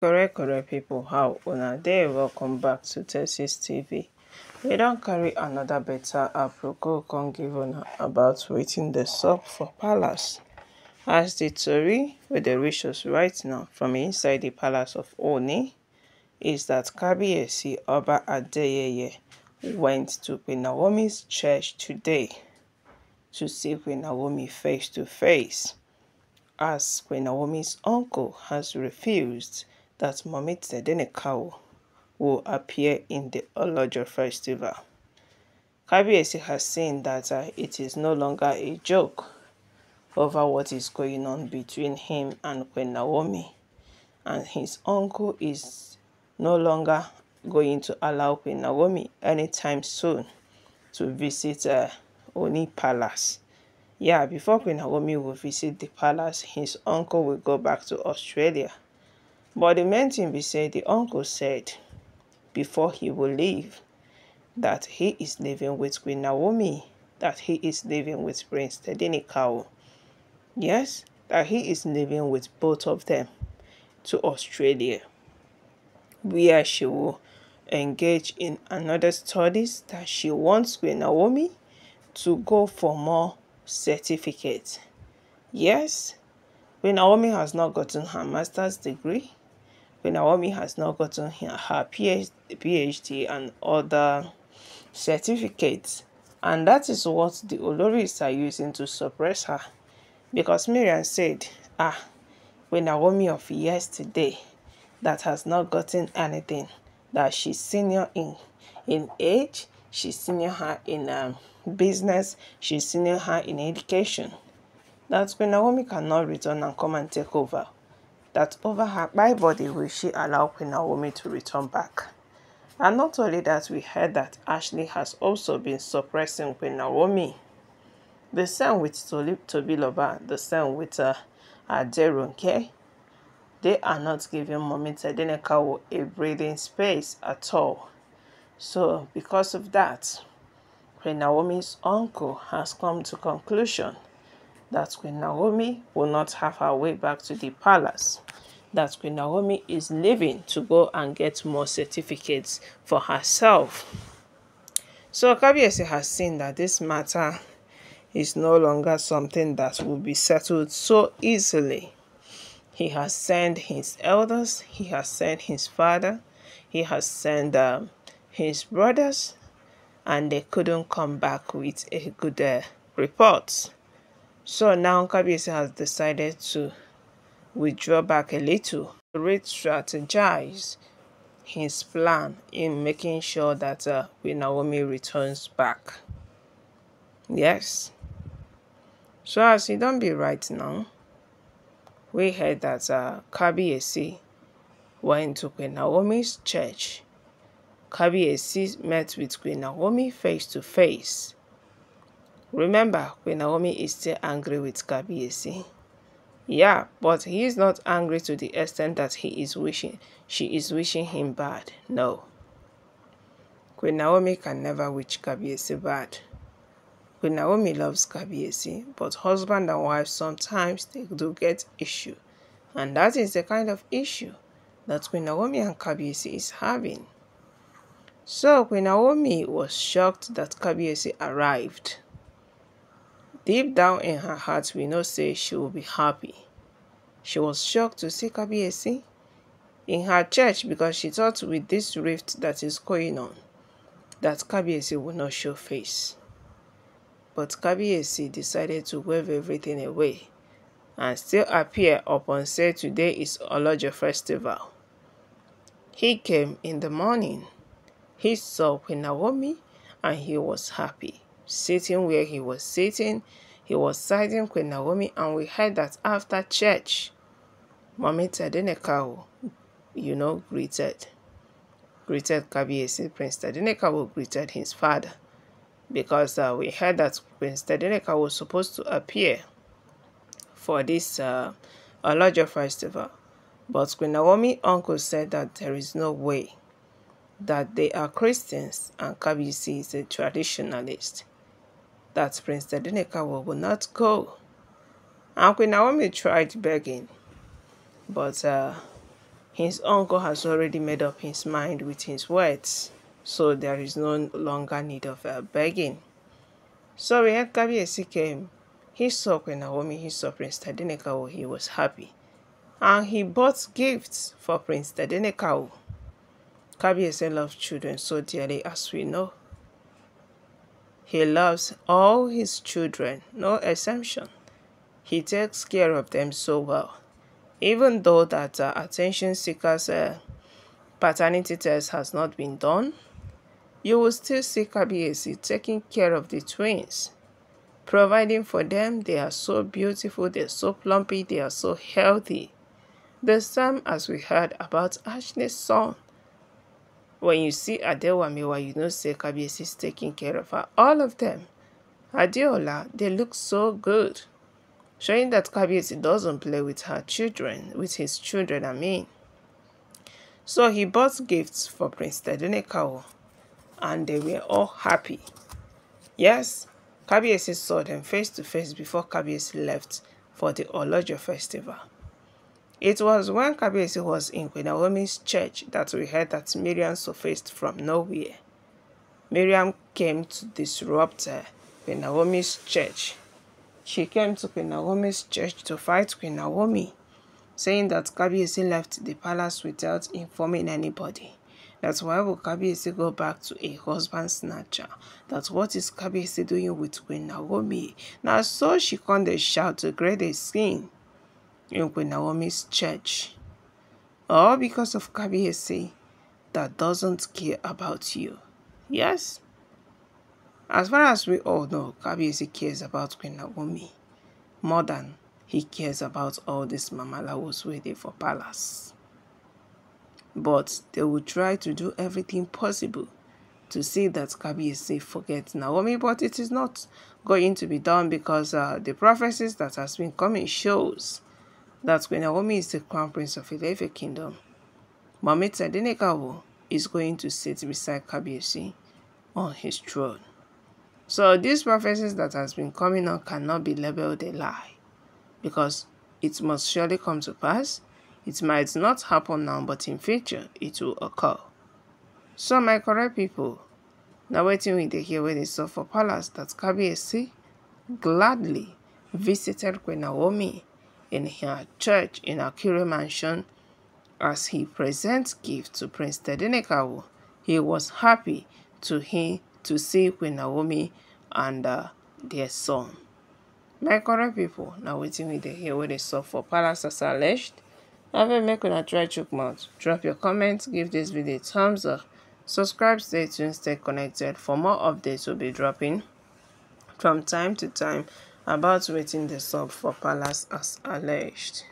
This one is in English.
correct correct people. how una dey welcome back to texas tv we don carry another better aproko come give una about waiting the sub for palace as the tori wey dey reach us right now from inside the palace of oni is that kabiyesi oba adeyeye went to queen naomi's church today to see queen naomi face to face as queen naomi's uncle has refused that Mommy Tsedenekawo will appear in the Olojo festival. Kabiesi has seen that uh, it is no longer a joke over what is going on between him and Queen Naomi, and his uncle is no longer going to allow Queen Naomi anytime soon to visit uh, Oni Palace. Yeah, before Queen Naomi will visit the palace, his uncle will go back to Australia but the main thing be say the uncle said before he will leave that he is living with Queen Naomi, that he is living with Prince Tedinikao. Yes, that he is living with both of them to Australia, where she will engage in another studies that she wants Queen Naomi to go for more certificates. Yes, Queen Naomi has not gotten her master's degree Naomi has now gotten her PhD and other certificates, and that is what the Oloris are using to suppress her. Because Miriam said, Ah, when Naomi of yesterday that has not gotten anything, that she's senior in, in age, she's senior her in um, business, she's senior her in education. That when Naomi cannot return and come and take over that over her by body will she allow Queen Naomi to return back. And not only that, we heard that Ashley has also been suppressing Queen Naomi. The same with Tolib Tobiloba, the same with uh, Aderunke. They are not giving Mommy Tedenekawo a breathing space at all. So because of that, Queen Naomi's uncle has come to conclusion that Queen Naomi will not have her way back to the palace, that Queen Naomi is leaving to go and get more certificates for herself. So Kabiesi has seen that this matter is no longer something that will be settled so easily. He has sent his elders, he has sent his father, he has sent um, his brothers, and they couldn't come back with a good uh, report. So now KBS has decided to withdraw back a little, to re-strategize his plan in making sure that uh, Naomi returns back. Yes. So as he don't be right now, we heard that uh, Kabiesi went to Queen Naomi's church. Kabiesi met with Queen Naomi face to face Remember, Queen Naomi is still angry with Kabiesi. Yeah, but he is not angry to the extent that he is wishing she is wishing him bad. No. Queen Naomi can never wish Kabiesi bad. Queen Naomi loves Kabiesi, but husband and wife sometimes they do get issue. And that is the kind of issue that Queen Naomi and Kabiesi is having. So Queen Naomi was shocked that Kabiesi arrived. Deep down in her heart, we know say she will be happy. She was shocked to see Kabiesi in her church because she thought with this rift that is going on, that Kabiesi would not show face. But Kabiesi decided to wave everything away and still appear upon say today is Olojo festival. He came in the morning. He saw Naomi and he was happy sitting where he was sitting. He was siding Queen Naomi, and we heard that after church, Mommy Tadenekawo, you know, greeted greeted Kabiesi. Prince Tadenekawo greeted his father because uh, we heard that Prince Tadenekawo was supposed to appear for this uh, larger festival. But Queen Naomi's uncle said that there is no way that they are Christians and Kabisi is a traditionalist that Prince Tedinekawa will not go. And Queen Naomi tried begging, but uh, his uncle has already made up his mind with his words, so there is no longer need of uh, begging. So when Kabiesi came, he saw Queen Naomi, he saw Prince Tedinekawa, oh, he was happy. And he bought gifts for Prince Tedinekawa. Oh. Kabiesi loved children so dearly as we know. He loves all his children, no exception. He takes care of them so well. Even though that uh, attention seekers uh, paternity test has not been done, you will still see Kabyasi taking care of the twins, providing for them. They are so beautiful, they are so plumpy, they are so healthy. The same as we heard about Ashley's son. When you see Adewamewa, you know say Kabiesi is taking care of her. All of them. Adeola, they look so good. Showing that Kabiesi doesn't play with her children, with his children, I mean. So he bought gifts for Prince Tedunekao, and they were all happy. Yes, Kabiesi saw them face to face before Kabiesi left for the Olojo festival. It was when Kabiyesi was in Queen Naomi's church that we heard that Miriam surfaced from nowhere. Miriam came to disrupt Queen Naomi's church. She came to Queen Naomi's church to fight Queen Naomi, saying that Kabiyesi left the palace without informing anybody. That's why will Kabiyesi go back to a husband snatcher? That's what is Kabiyesi doing with Queen Naomi? Now so she can shout to create a scene. Yonkwe Naomi's church, all because of Kabiese that doesn't care about you. Yes? As far as we all know, Kabiese cares about Queen Naomi more than he cares about all these mamalawos waiting for palace. But they will try to do everything possible to see that Kabiese forgets Naomi, but it is not going to be done because uh, the prophecies that has been coming shows that Queen Naomi is the crown prince of Ilefe kingdom. Mohammed Sadenekawo is going to sit beside Kabiyesi on his throne. So these prophecies that has been coming on cannot be labeled a lie because it must surely come to pass. It might not happen now, but in future it will occur. So my correct people, now waiting with the hear when they saw for palace that Kabiyesi gladly visited Queen Naomi in her church in Akure Mansion as he presents gift to Prince Tedenekawo. He was happy to he, to see Queen Naomi and uh, their son. My current people, now waiting with the hear what they saw for Palace as alleged. Have a make a try check mouth. Drop your comments, give this video a thumbs up, subscribe, stay tuned, stay connected for more updates will be dropping from time to time about waiting the sub for Palace as alleged.